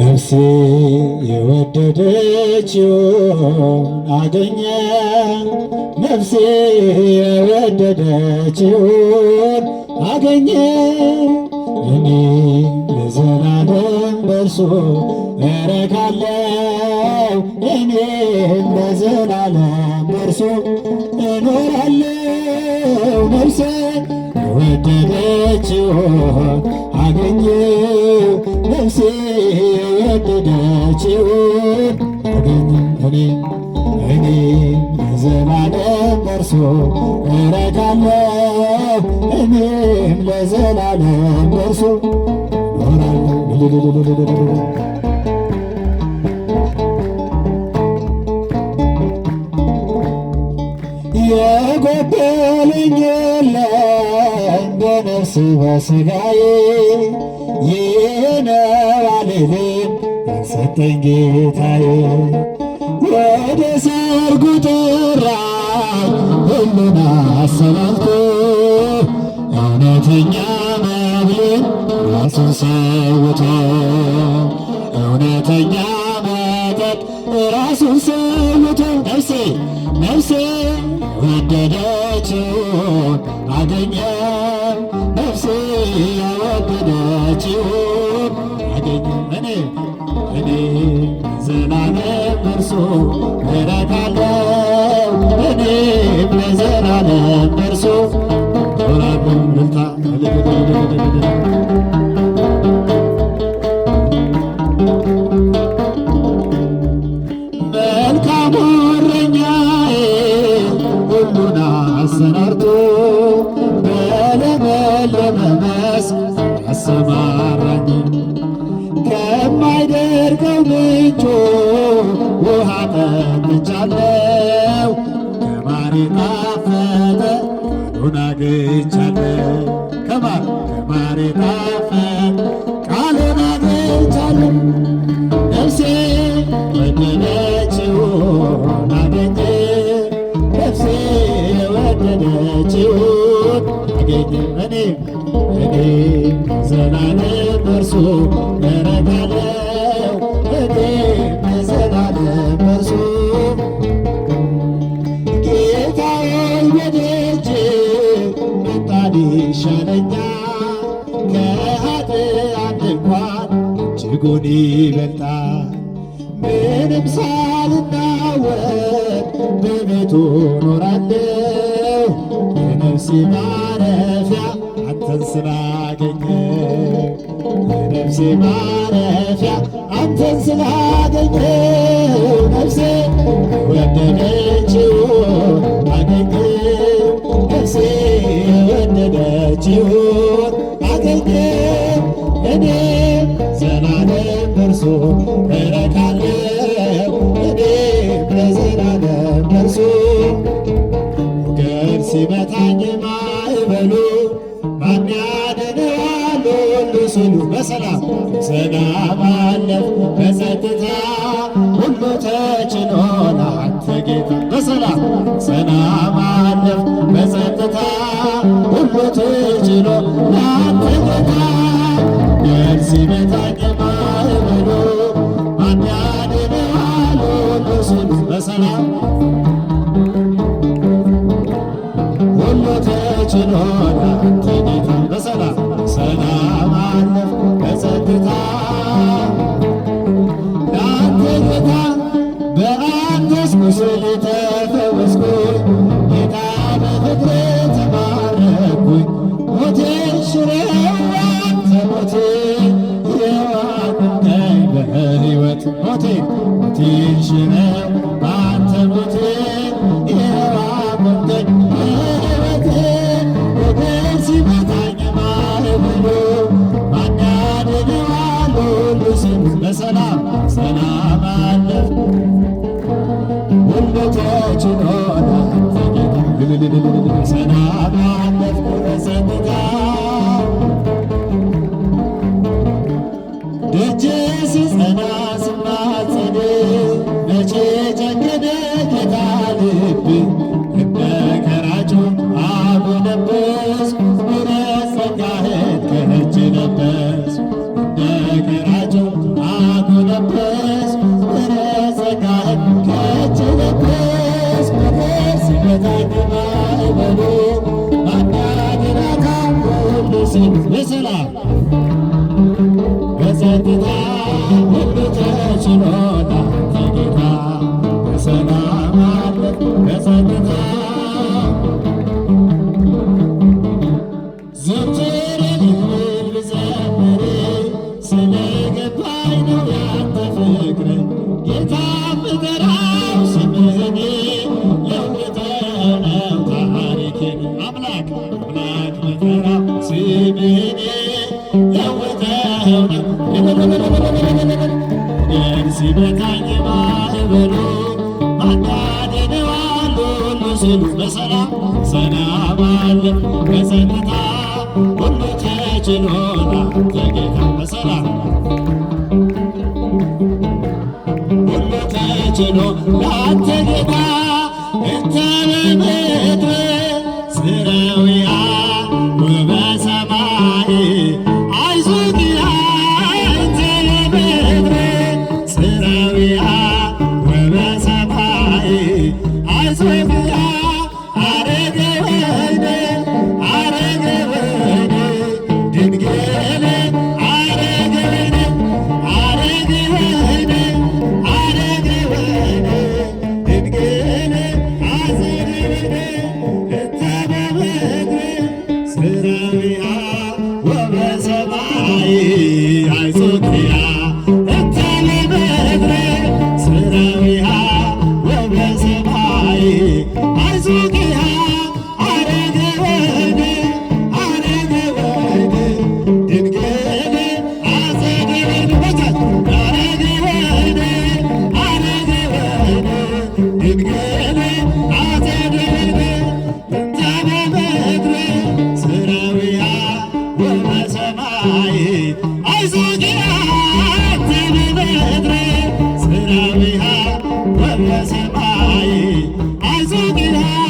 ነፍሴ የወደደችውን አገኘ ነፍሴ የወደደችውን አገኘ እኔ ለዘላለም በርሱ እረካለው እኔ ለዘላለም በርሱ እኖራለሁ ነፍሴ የወደደችውን አገኘው ነፍሴ የወደደችውን አገኘ እኔ እኔ ለዘላለም በርሶ እረካለሁ እኔም ለዘላለም በርሶ እኖራለሁ የጎደለኝ የለም በነፍስ በሥጋዬ ይነው አልልም ያሰጠኝ ጌታዬ። ወደ ሰርጉ ጠራኝ ሁሉን አሰናብቶ እውነተኛ መብልን ራሱን ሰውቶ እውነተኛ አገኘው ነፍሴ ያወደደችውን አገኘው እኔ እኔ ዘላለም እርሱ ምሕረት አለው እኔም ለዘላለም እርሱ ወራቱም ልታ ለመመስ አሰማራኝ ከማይደርቀው ውሃ ጠጥቻለሁ። ከማር የጣፈጠ ኑን አግኝቻለሁ። ዘላለም በርሱ እረካለሁ እኔ በዘላለም በርሱ ጌታዬ ወደጄ መጣል ይሻለኛል ከኃጢአት ድንኳን እጅጉን ይበልጣል ምንም ሳልናወቅ በቤቱ እኖራለሁ በነፍሴ አንተን ስላገኘ ነፍሴ ማረፊያ አንተን ስላገኘ ነፍሴ ወደደችው አገኘ ነፍሴ የወደደችው አገኘ እኔ ዘላለም በርሶ እረካለ በሰላም ስናባለፍ በጸጥታ ሁሉ ተችሎናል ጌታ በሰላም በጸጥታ ሁሉ ጌታ ሞት ሞቴ ሞትሽነ አንተ ሞቴ የራቆተኝ ሕይወቴ ወገን ሲመታኝ ማረኝ ብሎ ማን ያድነዋል ሁሉ ስል በሰላም ሰላም አለ ሁሉ ተችሎናል ሰላም አለፍኩ በጸጥታ የተጨነደ ጌታ ልብ ከመከራጩ አጎነበስኩ ረሰኛህን ከእጅ ነበስኩ ከመከራጩ አጎነበስኩ ረሰኛህን በጸጥታ ሁሉ ተችሎታ ጌታ በሰላም በቃኝ ማን በሉ ማዳደነዋሉ ምስሉ በሰላም ሰላም አለ በጸጥታ ሁሉ ተችሎና ዘጌታ በሰላም ሁሉ ተችሎ ላንተ ጌታ እንተ በምድር ስራው ያ I ai, ai, ai,